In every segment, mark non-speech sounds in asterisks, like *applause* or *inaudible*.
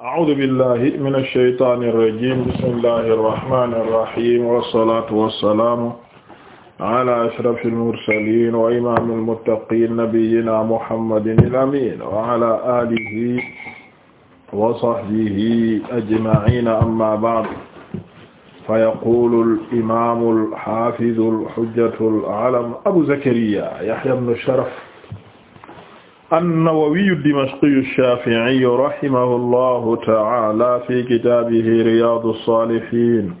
a'uudu billahi mina shaytaani rajiim bismillahi rahmaani rahiim wasalaatu wasalaamu ala ashrafil mursaliin wa imaamil muttaqiin nabiyyinaa muhammadinil amiin wa ala aalihi wa sahbihi ajma'iina ammaa ba'du fayaquulul imaamul haafizul hujjatul alam abu zakariyaa yahyaa ibnu sharaf an-Nawawi ad-Dimashqi ash-Shafi'i rahimahu llahu ta'ala fi kitabihi Riyadu s-Salihin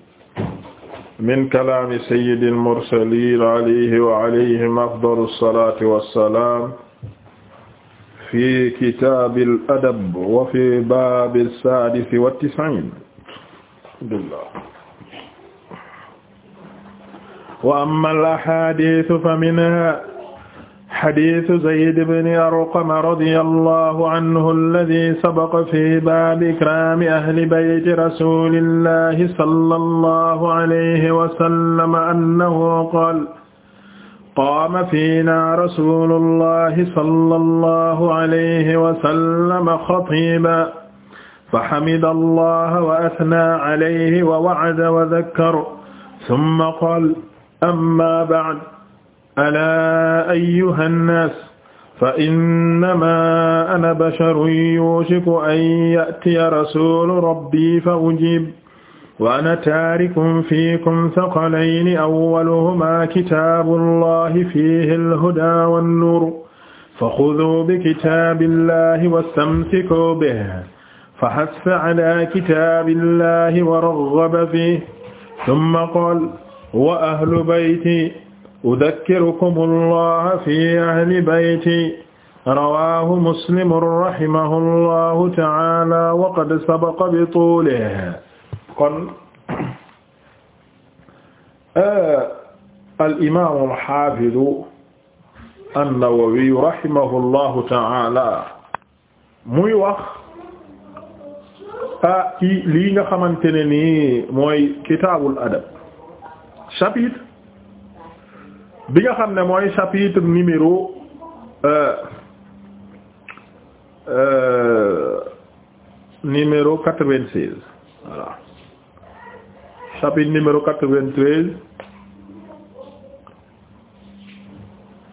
min kalami sayyidil mursalin alayhi wa alayhim afdalu s-salati was-salam fi kitabil adab wa fi babi sadisi wa tis'in wa amma al-ahadith fa minha xadiisu Zayd ibn Arqama radiyallahu anhu alladii sabaqa fii baabi ikraami ahli bayti rasuulillahi sallallahu alayhi wa sallam annahu qaala qaama fiinaa rasuulullahi sallallahu alayhi wa sallam xatiiban faxamida allaha wa athnaa alayhi wa wa'ada wa dakkara summa qaala ammaa ba'du alaa ayyuha nnaas fa innamaa ana basharun yuushiku an ya'tiya rasuulu rabbii fa ujiib wa ana taarikun fiikum saqalayni awwaluhumaa kitaabullaahi fiihi alhudaa wannuur faxuduu bikitaabillaahi wastamsikuu bihi fahassa alaa kitaabillaahi wa raghaba fiihi summa qaala wa ahlu bayti udakkirukumu llaha fi ahli bayti rawahu muslimun rahimahu llahu taala wa qad sabaqa bi tuulihi kon *coughs* eh, al imaamu alxaafidu annawawi rahimahu llahu taala muy wax ah ci lii nga xamante ne nii mooy kitaabul adab chapitre bi nga xam ne mooy chapitre numéro euh, euh, numéro quatre-vingt-seize voilà chapitre numéro quatre-vingt-treize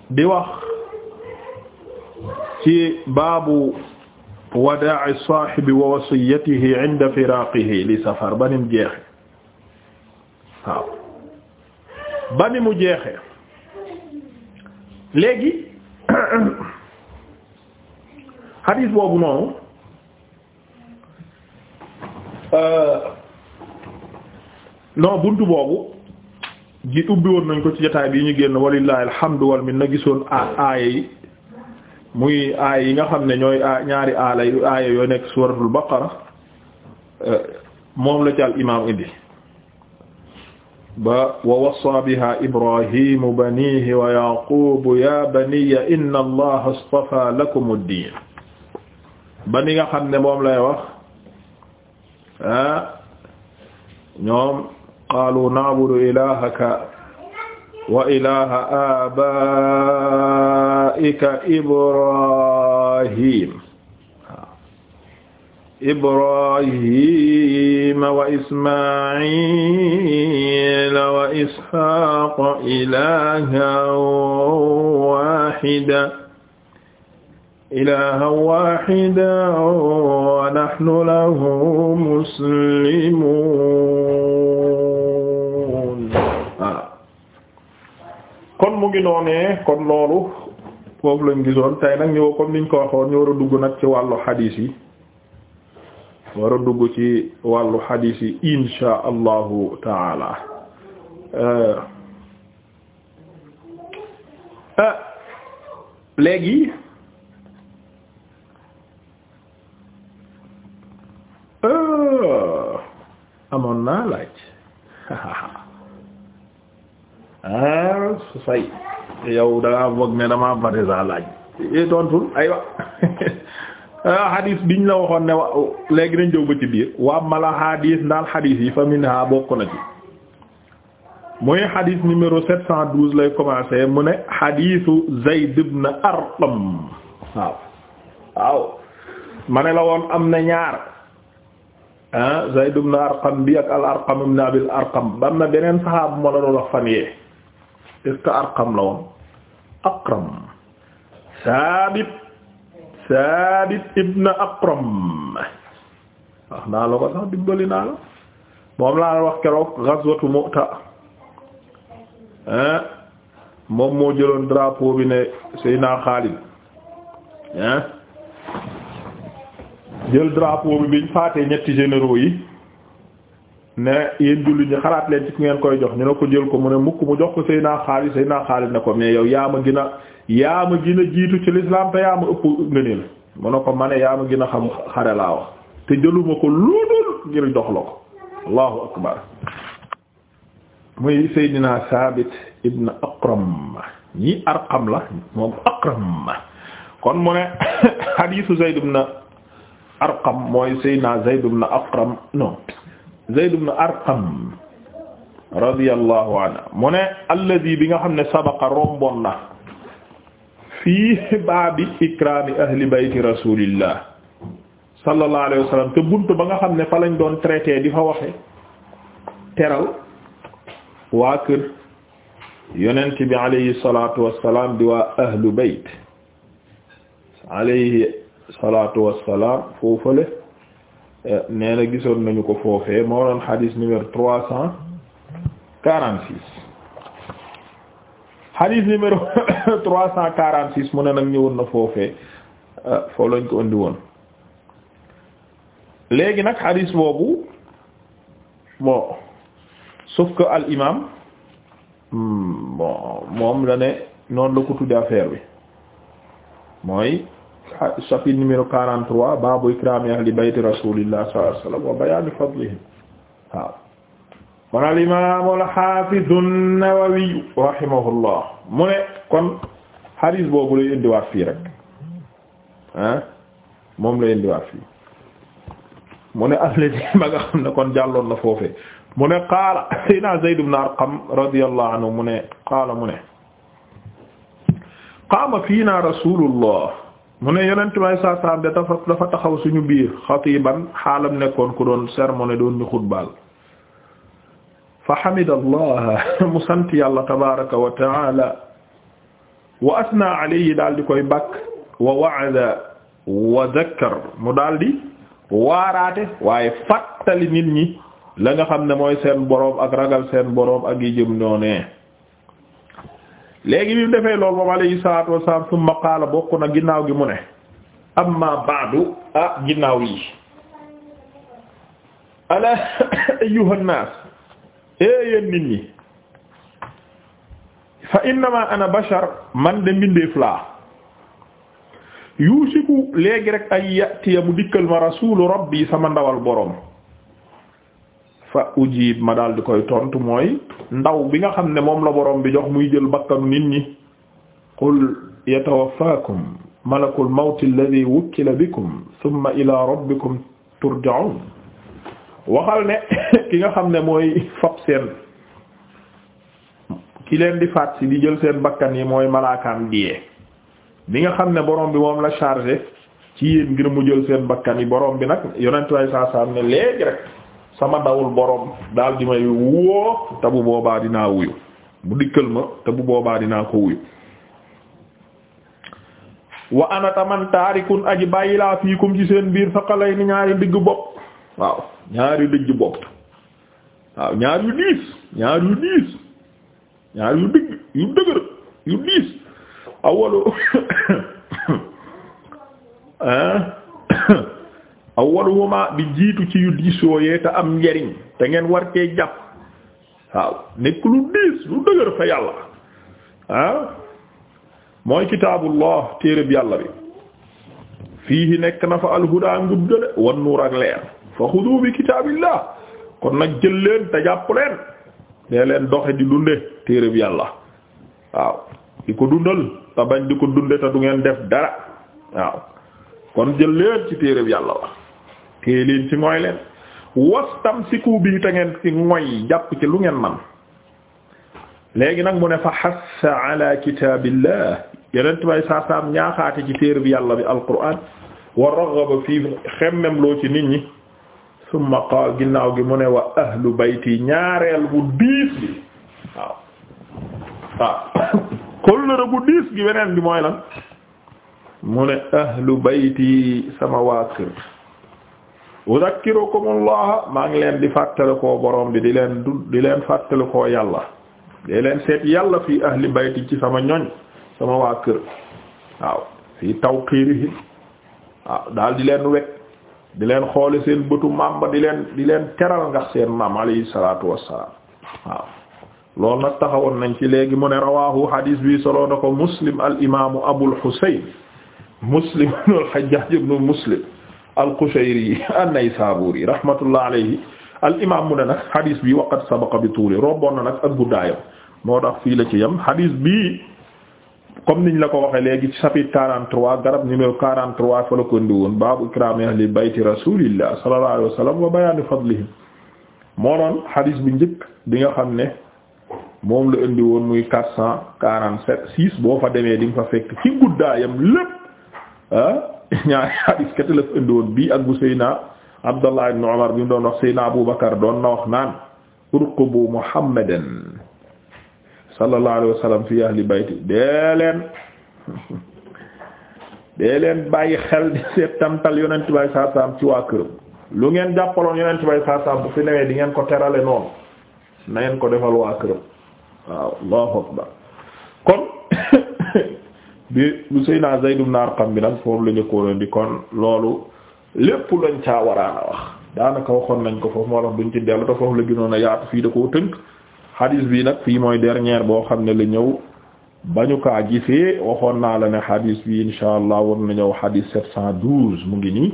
di wax ci baabu wadaa saahibi wa wasiyatihi inda firaaqihi li safar ba ni mu jeexe waaw ba ni mu jeexe léegi hadis boobu noonu euh, non bunt boobu ji ubbi woon nañ ko ci jotaay bi ñu génn walillahi alhamdu wal na gisoon aaya yi muy aaya yi nga xam ne ñooy ñaari aala aaya yooy nekk suratul baqara euh, moom la ci al imaam indi ba wa wassa biha ibrahimu banihi wa yaqubu ya baniya inna allaha astafa lakum ad-din ba ni nga xam ne moom lay wax ah ñoom qaalu na'budu ilahaka wa ilaha abaika ibrahim ibrahima wa ismaila wa isxaqa ilahan waxida ilahan lahu muslimun ah. kon mu ngi kon loolu foofu gisoon tey nag ñëw comme niñ ko waxoon ñu war a dugg nag ci wàllu xadiis yi war a dugg ci wàllu xadiis yi insha allahu taala eh, eh, léegi eh, amoon naa laaj *laughs* ah say yow da ngaa ne damaa pare saa laaj tontul aywa *laughs* Euh, hadith biñ la waxoon ne wa léegi nañ jëw ba ci biir waa mala hadith ndaal hadith yi fa minha bokk na ci muy hadith numéro lay commencé mu ne hadithu Zayd ibn Arqam waaw ma ne la woon am na ñaar ah Zayd ibn Arqam bi ak al Arqam ibn Abil Arqam ba am na beneen saxaab moo la doon wax fan yee est-ce la woon Aqram Saabit Saabit ibn Aqram wax naa la ko sax dimbali naa la moom laa wax keroog ghazwatu Mu'ta hein moom moo jëloon drapeau bi ne Seydina Xaalid hein jël drapeau bi biñ faatee ñetti généraux yi ne yéen jullit ñi xalaat leen ci ku ngeen koy jox ñu ne ko jël ko mu ne mukk mu jox ko Seydina Xaalid Seydina Xaalid ne ko mais yow yaa ma gën a yaa ma gën a jiitu ci l'islam te yaa ma ëpp ngëneel mu ne ko ma yaa ma gën xam xare laa wax te jëluma ko loolul ngir jox la ko allahu akbar muy Seydina Saabit ibn Aqram ñi Arqam la moom Aqram kon mu ne *coughs* hadiisu Zayd Arqam mooy Seydina Zayd ibn Aqram Zayd ibn Arqam radiyallahu anhu mu ne alladi bi nga xam ne sabaqa rombon na fii baabi ikraami ahli bayti rasulillah sallallahu alayhi wa sallam te bunt ba nga xam ne fa lañ doon traité di fa waxe teral waa kër yonent bi alayhi salatu wassalam di waa ahlu bayt alayhi salatu wassalam foofale nee na gisoon nañu ko foofee moo doon xadis numéro trois cent quarante-six xadis numéro *coughs* trois cent quarante-six mu ne nag ñëwoon na foofee euh, foo lañ ko indi léegi nag xadis boobu bon sauf que al imam hmm, moom la ne noonu la ko tudde affaire bi mooy chapitre numéro 43 baabu ikraami ahli bayti rasuulillah wa sallam wa bayaani fadlihim waaw al imaam al haafiz an-Nawawi rahimahullah mu ne kon hadith boobu lay indiwaat fii rek ah moom lay indiwaat mu ne alladi ah, ma nga ne kon jàlloon na foofee mu ne qaala sayna Zayd ibn Arqam radiyallahu anhu mu ne qaala mu ne qaama fiina rasuulullah mu ne yeneen may saa saam de dafa dafa taxaw suñu biir xatiban xaalam nekkoon ku doon sermone doon ñu xutbaal fa hamidallah mu sant yàlla tabaraka wa taala wa asna alayhi daal di koy bàkk wa mu daal di waaraate waaye fàttali nit ñi la nga xam ne mooy seen boroom ak ragal seen boroom ak yi jëm noonee léegi bi mu defee loolu moom alayhi salaatu wasalaam summa qaala bokk na ginnaaw gi mu ne amma ba'du ah ginnaaw yi ala *coughs* ayyuhan naas ee eh, yéen nit ñi fa innama ana bashar man de mbindeef laa yuusiku léegi rek ay yatiya mu dikkal ma rasuulu rabbi sama ndawal boroom fa ujib ma daal di koy tontu mooy ndaw bi nga xam ne moom la boroom bi jox muy jël bakkanu nit ñi qul yatawaffakum malakul mawti alladhi wukkila bikum thumma ila rabbikum turja'un waxal ne *coughs* ki nga xam ne mooy fab seen ki leen di faat si di jël seen bakkan yi mooy malaakaam diyee bi nga xam ne boroom bi moom la chargé ci yéen ngir mu jël seen bakkan yi borom bi nag yonentu way saa ne léegi rek sama dawul borom daal di may woo te bu boobaa dinaa wuyu bu dikkal ma te bu boobaa dinaa ko wuyu wa anata taarikun aji bàyyi laa fiikum ci seen biir saqalay ni ñaari digg bopp waaw ñaari digg bopp waaw ñaar yu diis ñaar yu diis ñaar yu digg yu dëgër yu diis awalu *coughs* hein awwaluhuma bi jiitu ci yu diisoo yee te am njariñ te ngeen war cee jàpp waaw nekk lu diis lu dëgër fa yàlla ah mooy kitaabullah téereb yàlla bi fiihi nekk na fa alhuda ngub dële wan ak leer fa xudu bi kitaabillah kon nag jël leen te jàpp leen dee leen doxe di dunde téereb yàlla waaw di ko dundal te bañ di ko dunde te du ngeen def dara waaw kon jël leen ci téereb yàlla la tee leen ci mooy leen wastamsiku bi te ngeen ci mooy jàpp ci lu ngeen man léegi nag mu ne fa xassa ala kitaabillah yeneen bay saa saam ci téere bi yàlla bi alquran wa raghaba fii xemmem loo ci nit ñi summa qaal ginnaaw gi mu ne wa ahlu bayti ñaareel bu diis bi waaw waaw kóllëre bu diis gi beneen bi mooy lan mu ne ahlu bayti sama waa uzakkirukumullah maa ngi leen di fàttalikoo borom bi di leen du di leen fàttalikoo yàlla di leen seet yàlla fii ahli bayti ci sama ñoñ sama waa kër waaw fii tawqiirihi waaw daal di leen wekk di leen xoole seen bëtu maam ba di leen di leen teral ngax seen maam alayhi salaatu wassalaam waaw loolu nag taxawoon nañ ci léegi mu ne rawaahu hadis bi solo na ko muslim al imaamu abul husayn muslim ibn al hajjaj ibn muslim al-Qushayri an-Naysaburi rahmatullah alayhi al imam mu ne nag hadis bi waqat sabaqa bi tuuli romboon na nag ak guddaayam moo tax fii la ci yem hadis bi comme niñ la ko waxee léegi ci chapitre 43 garab numéro 43 fa la ko indi woon baabu ikraami ahli bayti rasulillah sallallahu alayhi wa sallam wa bayaani fadlihim moo doon hadis bi njëkk di nga xam ne moom la indi woon muy 447 6 boo fa demee di nga fa fekk ci guddaayam lépp ah, *laughs* ñaari hadis kete la fi bii ak bu Seyna Abdallah ibn Umar bi mu doon wax Seyna Abu Bakar doon na wax naan urqubu Muhammadan sallallahu alayhi wa sallam fi ahli bayti dee leen *laughs* dee leen bàyyi xel di seet tamtal yonent bay saa saam ci waa këram lu ngeen jàppaloon yonent bay saa saam bu fi newee di ngeen ko terale noonu na ngeen ko defal waa këram waaw Allahu akbar kon bi lu Seydina Zayd ibn bi nag foofu la njëkkoon di kon loolu lépp lañ caa waraan a wax daanaka waxoon nañ ko foofu moo tax duñ ci dellu te foofu la gënoon a yaatu fii da koo tënk xadis bi nag fii mooy dernière boo xam ne la ñëw bañu kaa gisee waxoon naa la ne xadis bi insha allah war na ñëw xadis 712 mu ngi nii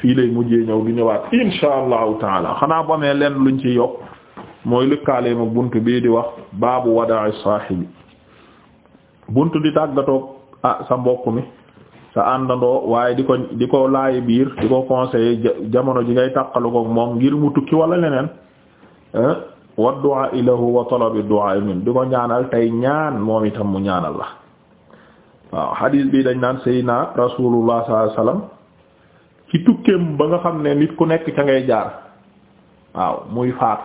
fii lay mujjee ñëw du ñëwaat insha allahu taala xanaa bu amee lenn luñ ci yokk mooy lëkkaaleema bunt bii di wax baabu wadaa saahibi bunt di ah sa mbokk mi sa àndandoo waaye di ko di ko laay biir di ko conseiller jamono ji ngay tàqalu ko moom ngir mu tukki wala leneen eh, wa du'a ilahu wa talabi du'a min di ko ñaanal tey ñaan moom itam mu ñaanal la waaw hadith bi dañ naan sayna rasulullah sallallahu alayhi wasallam ci tukkeem ba nga xam ne nit ku nekk ca ngay jaar waaw muy faat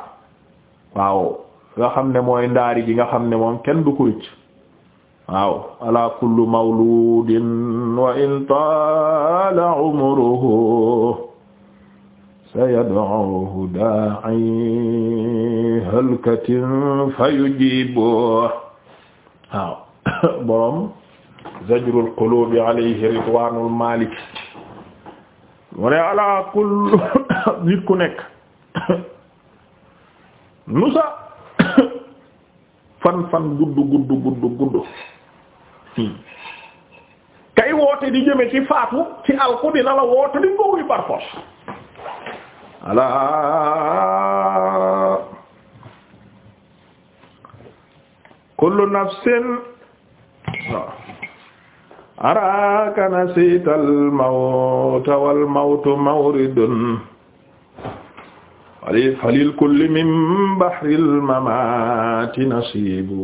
waaw nga xam ne mooy ndaari ji nga xam ne moom kenn du ko wicc waaw ala kullu mawludin wa in taala umruhu sayad'uhu da'i halkatin fayujibuhu waaw *coughs* borom zajrul qulubi alayhi ridwanul malik mu ne ala kullu *coughs* nit ku nekk *coughs* nusa fan fan gudd gudd gudd gudd kay woote di jëme ci faatu ci alku dina la alaa kullu nafsin araaka nasiita almawta walmawtu mawridun falil min bahril mamaati nasiibu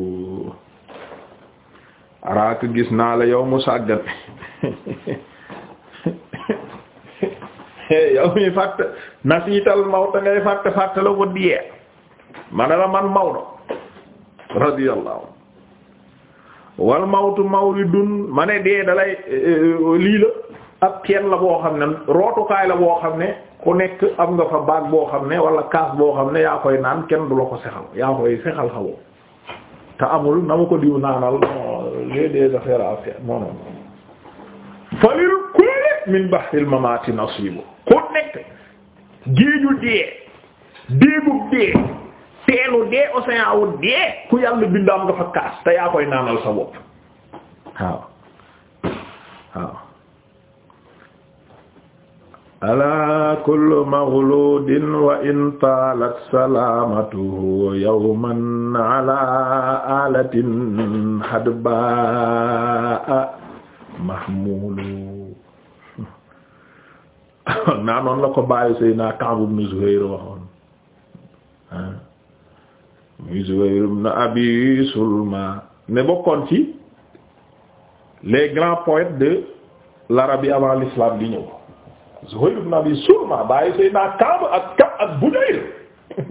araaka gis naa la yow mu sàggan yow mi fàtt nasiital mawta ngay fàtt fàtt la ko diyee ma ne la man Maodo radiyallahu wal mawtu mawridun ma ne dee dalay eh, eh, lii la ab teen la boo xam ne rootukaay la boo xam ne ku nekk am nga fa baag boo xam ne wala kaas boo xam ne yaa koy naan kenn du la ko sexal yaa koy sexal xawoo te amul na ma ko diw naanal j'ai des affaires à faire non non falil kulli min bahril mamati nasibu ku nekk géeju dee déegu dee teenu dee océan wu dee ku yàlla bindaam nga fa kaas te yaa koy naanal sa bopp kullu maghluudin wa in taalat salaamatuhu yawman alaa alatin hadbaa mahmuulu naa noonu la ko bàyyi Seydina Ka'b ibn Zuhayr waxoon muy Zuhayr ibn Abi Sulma ne bokkoon ci les grands poètes de l'Arabie avant l'islam di ñëw Zuhayr ibn Abi Sulma bàyyi Seydina Kaab ak Kaab ak Budayl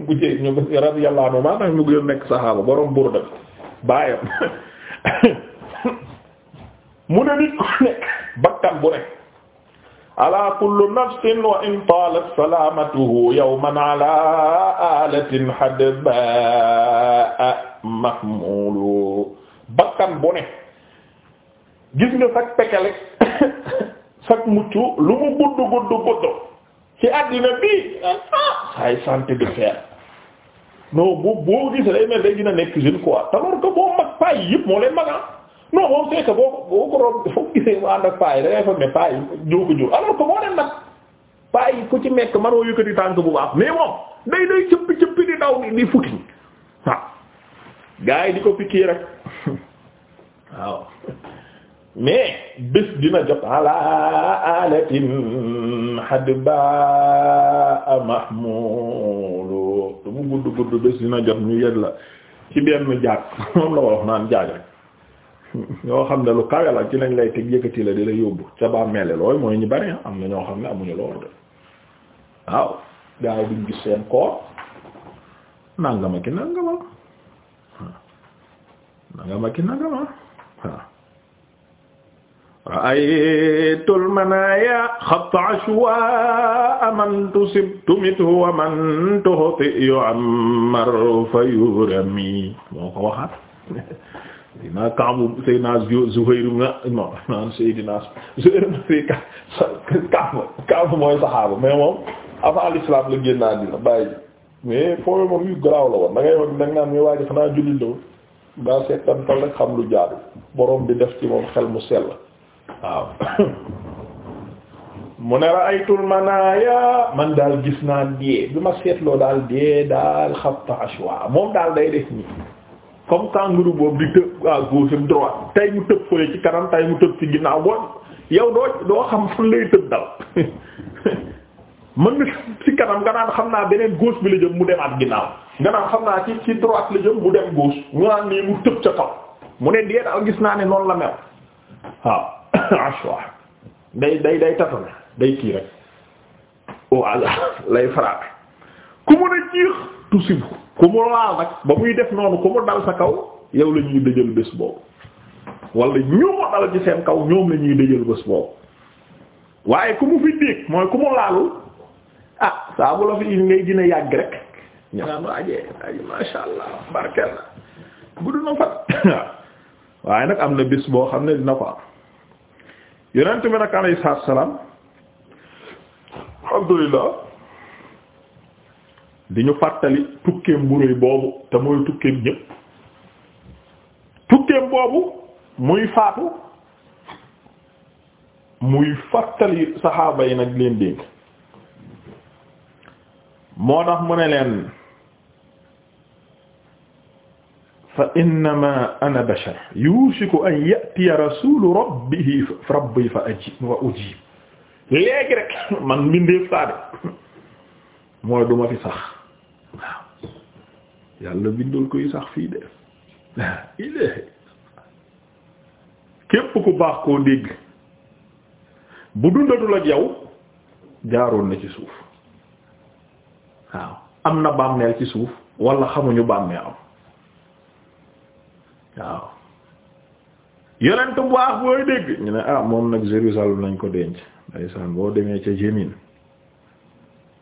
Budayl ñu radiyallahu anhu maa tax mu ngi nekk saxaaba borom Burda bàyyam mu ne nit ku nekk bakkan bu nekk ala kullu nafsin wa in taalat salaamatuhu yawman ala alatin hadba mahmulu bakkan bu nekk gis nga sax pekelek sag mucc lu mu gudd gudd gudd ci àddina bii ah saay santé de fer non bu boo gis day mel day dina nekk jeune quoi alors que boo mag paay yëpp moo leen mag ah non moom c'est que boo boo ko doon foog gisee paay da ngay foog ne paay ko jur alors que moo leen nag paay ku ci nekk mënoo yëkkati tànk bu baax mais moom day day cëppi cëppi di daw di di futti waaw ah. di ko piqué rek *laughs* waaw. mais bés dina jot ala alatin hadba mahmulu du mu gudd gudd bés dina jot ñu yedd la ci benn jaag *laughs* moom la wax naan jaag rek ñoo *laughs* xam ne lu kawe ci lañ lay teg yëkkati la di yóbbu ca baa meele looy mooy ñi bari am na ñoo xam ne amuñu loolu de waaw gaa yi duñ gis seen koor nangama ki nangama nangama ki nangama waaw ra'aytul manaaya xatta ashwaa man tusib tumithu wa man tuhti yu'ammar fa yurami moo ko waxaat Seydina Kaabu Seydina Zuhayr non non Seydina Zuhayr Kaabu Kaabu mooy saxaaba mais moom avant l'islam la génn àddina bàyyi mais foofu moom yu garaaw la woon da ngay wax da nga naan mais waa ji xanaa la woon daa seetantal rek xam lu jaadu borom bi def ci moom xel mu sell. waaw mu ne ra'aytul manaaya man daal gis naa dee bi ma seetloo daal dee daal xatta ashwa moom daal day def nii comme kangourou boobu di tëb à droite tey mu tëb fële ci kanam tey mu tëb ci ginnaaw boo yow doo doo xam fan lay tëb dal mën na ci kanam nga naan xam naa beneen gauche bi la mu mu demaat ginnaaw nga naan xam naa ci ci droite la mu dem gauche mu naan nii mu tëb ca kaw mu ne dee daal gis naa ne noonu la mel waaw ashwa *laughs* day day day tatone day kii rek oh, au *laughs* hasard lay frappé ku mun a jiix tusibu ku mu laal nag ba muy def noonu ku mu dal sa kaw yow la ñuy dëjël bés boobu wala ñu mu dal ci seen kaw ñoom la ñuy dëjël bés boobu waaye ku mu fi déeg mooy ku mu laalul ah saa bu la fi ngay dina yàgg rek ñu naan waajee waajee masha allah barkeel na gudd na fat *laughs* waaye nag am na bés boo xam ne dina ko am yonent bi nag alayhi salaatu salaam alhamdulillah di ñu fàttali tukkeem bu rëy boobu te mooy tukkeem ñépp tukkeem boobu muy faatu muy fàttali saxaaba yi nag leen dénk moo tax mu ne leen fa innama ana bashar yushiku an yatiya rasulu rabbihi rabbi fa ajib wa ujib léegi rek man mbindeef saade mooy duma fi sax waaw yàlla bindul koy sax fii de képp ku baax koo dégg bu dundatul ak yow jaaroon na ci suuf waaw am na bàmmeel ci suuf wala xamuñu bàmmeel am waaw yonent bu baax booy dégg ñu ne ah moom nag Jérusalem nañ ko denc ndeysaan boo demee ca Jémin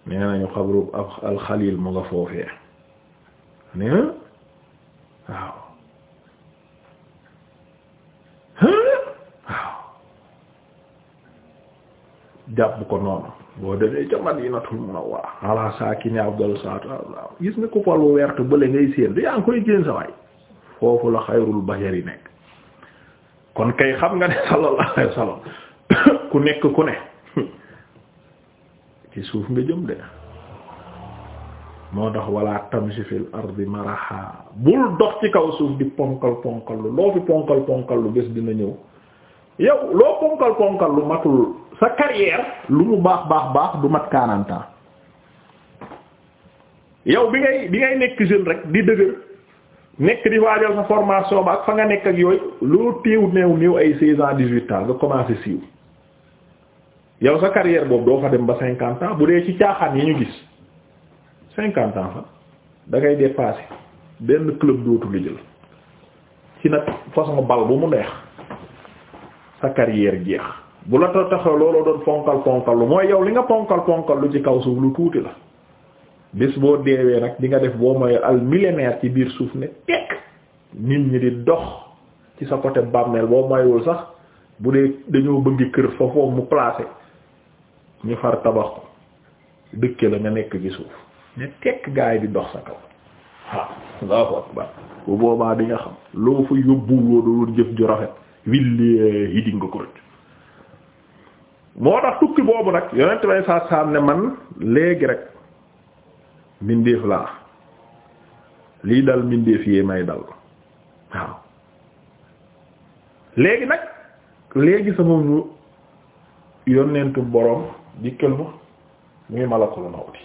nee nañu xabru al Xaliil mu nga foofee nee waaw waaw jàpp ko noonu boo demee ca Madinatul Munawwara ala saakini afdalu salaatu wa salaam gis nga ko fal wert bële ngay séen du yaa ngi koy génn sa waay foofu la xayrul bashari nekk kon kay xam nga ne *laughs* sallallahu alayhi wasallam *coughs* ku nekk ku ne *coughs* ci suuf nga jëm de moo tax wala tamshi fil ma maraha bul dox ci kaw suuf di ponkal ponkal lu loo fi ponkal ponkal lu bés dina ñëw yow loo ponkal ponkal lu matul sa carrière lu mu baax baax baax du mat quarante yow bi ngay bi ngay nekk jeune rek di dëgër nekk di waajal sa formation ba ak fa nga nekk ak yooyu loo téew néew néew ay seize ans dix-huit ans nga commencé siiw yow sa carrière boobu doo fa dem ba cinquante ans bu dee ci caaxaan yi ñu gis cinquante ans fa da ngay dépasser benn club dootu li jël ci nag façon bal bu mu neex sa carrière jeex bu la tax taxaw looloo doon ponkal ponkal lu mooy yow li nga ponkal ponkal lu ci kaw suuf lu tuuti la bés boo deewee nag di nga def boo mooy al millénaire ci biir suuf ne tekk nit ñi di dox ci sa côté bàmmeel boo moywul sax bu dee dañoo bëgg kër fa mu placé ñu far tabax ko dëkke la nga nekk ci suuf ne tekk gaa yi di dox sa kaw waaw Allahu akbar bu boobaa di nga xam loo fa yóbbuwul woo doon jëf ju rafet willee yi di moo tax tukki boobu nag yonent bay saa saam ne man léegi rek mindéef laa lii dal mindéef yee may dal waaw léegi nag léegi sama ñu yonentu boroom dikkal ma muy malakul mawti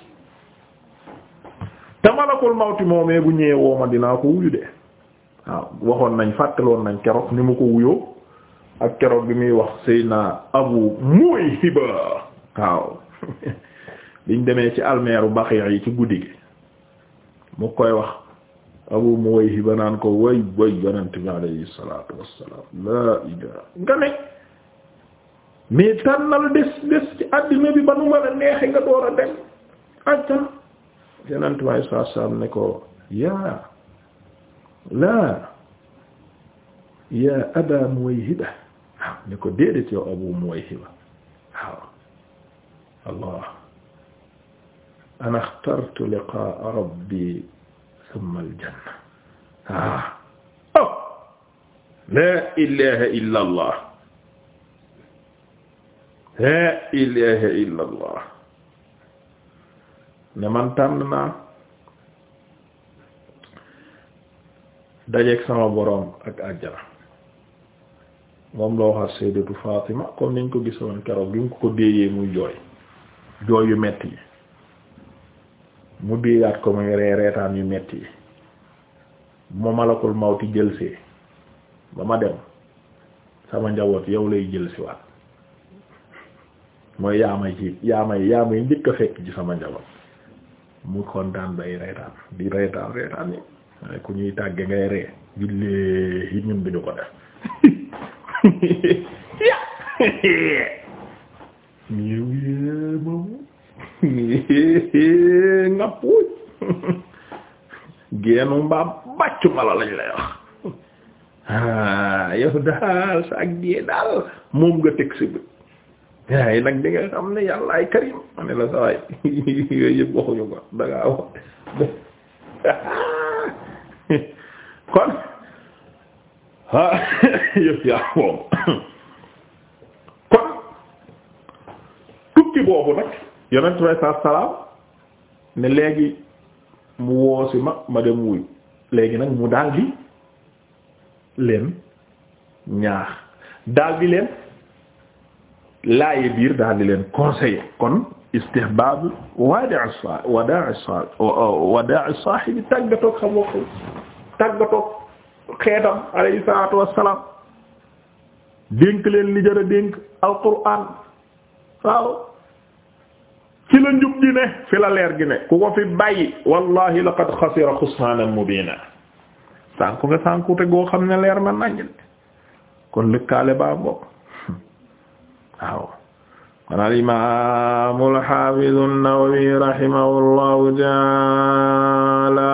te malakul mawti moomee bu ñëwee woo ma dinaa ko wuyu de waaw waxoon nañ fàttaloon nañ keroog ni mu ko wuyoo ak keroog bi muy wax Seydina Abu Muwayhiba waaw *laughs* liñ demee ci almeeru Baqi yi ci guddi gi mu koy wax Abu Muwayhiba naan ko way way yonent bi alayhi salaatu wassalaam laa ilaa nga ne mais tànnal des des ci àddina bi ba nu mën a neexe nga door a dem ajjana yonent bi alayhi salaatu wassalaam ne ko yaa laa yaa Aba Muwayhiba waaw ah, ko déedéet yow Abu Muwayhiba waaw ah, Allah ana axtartu liqaa rabbi thumma aljanna ah la ilaha illa la ilaha illa ne man tànn naa dajeek sama boroom ak àjjana moom la waxaat sayyidatu Fatima comme niñ ko gisoon keroog bi mu ko déeyee muy jooy jooy yu metti yi mu déeyaat ko muy ree reetaan yu metti yi mu malakul mawti jëlsee ba ma dem sama njawoot yow lay jëlsiwaat mooy yaa may ci yaa may yaa may njëkk a fekk ci sama njaboot mu kontaan bay reetaan di reetaan reetaan yi waaye ku ñuy tàgge ngay ree billaahi ñun duñu ko def *laughs* *laughs* *laughs* nga puuj *laughs* geenu mbaa bàccu mala lañ lay wax *laughs* ah yow daal sa ak gée daal moom nga teg si bët waaye nag di nga xam ne yàlla ay karim ma ne la sawaay yooyu yëpp waxuñu ko da ngaa wax kon ah yëpp yaa moom *coughs* kon tukki boobu nag yonent bi saa salaam ne léegi mu woosi ma ma dem wuy léegi nag mu daldi leen ñaax daldi leen laaye biir daldi leen conseiller kon istihbaab wada sa wada sa wada saahibi tàggatoog xam wax xeetam alayhi salaatu wassalaam dénk leen li jara dénk alquran waaw ci la njub gi fi la leer gi ne ku ko fi bàyyi wallahi laqad xasira xusraanan mubiina sànku nga sànkute goo xam ne leer man nañ kon lëkkaale baa bopp waaw kon al imaam al xaafiz an-Nawawi rahimahullahu ta'ala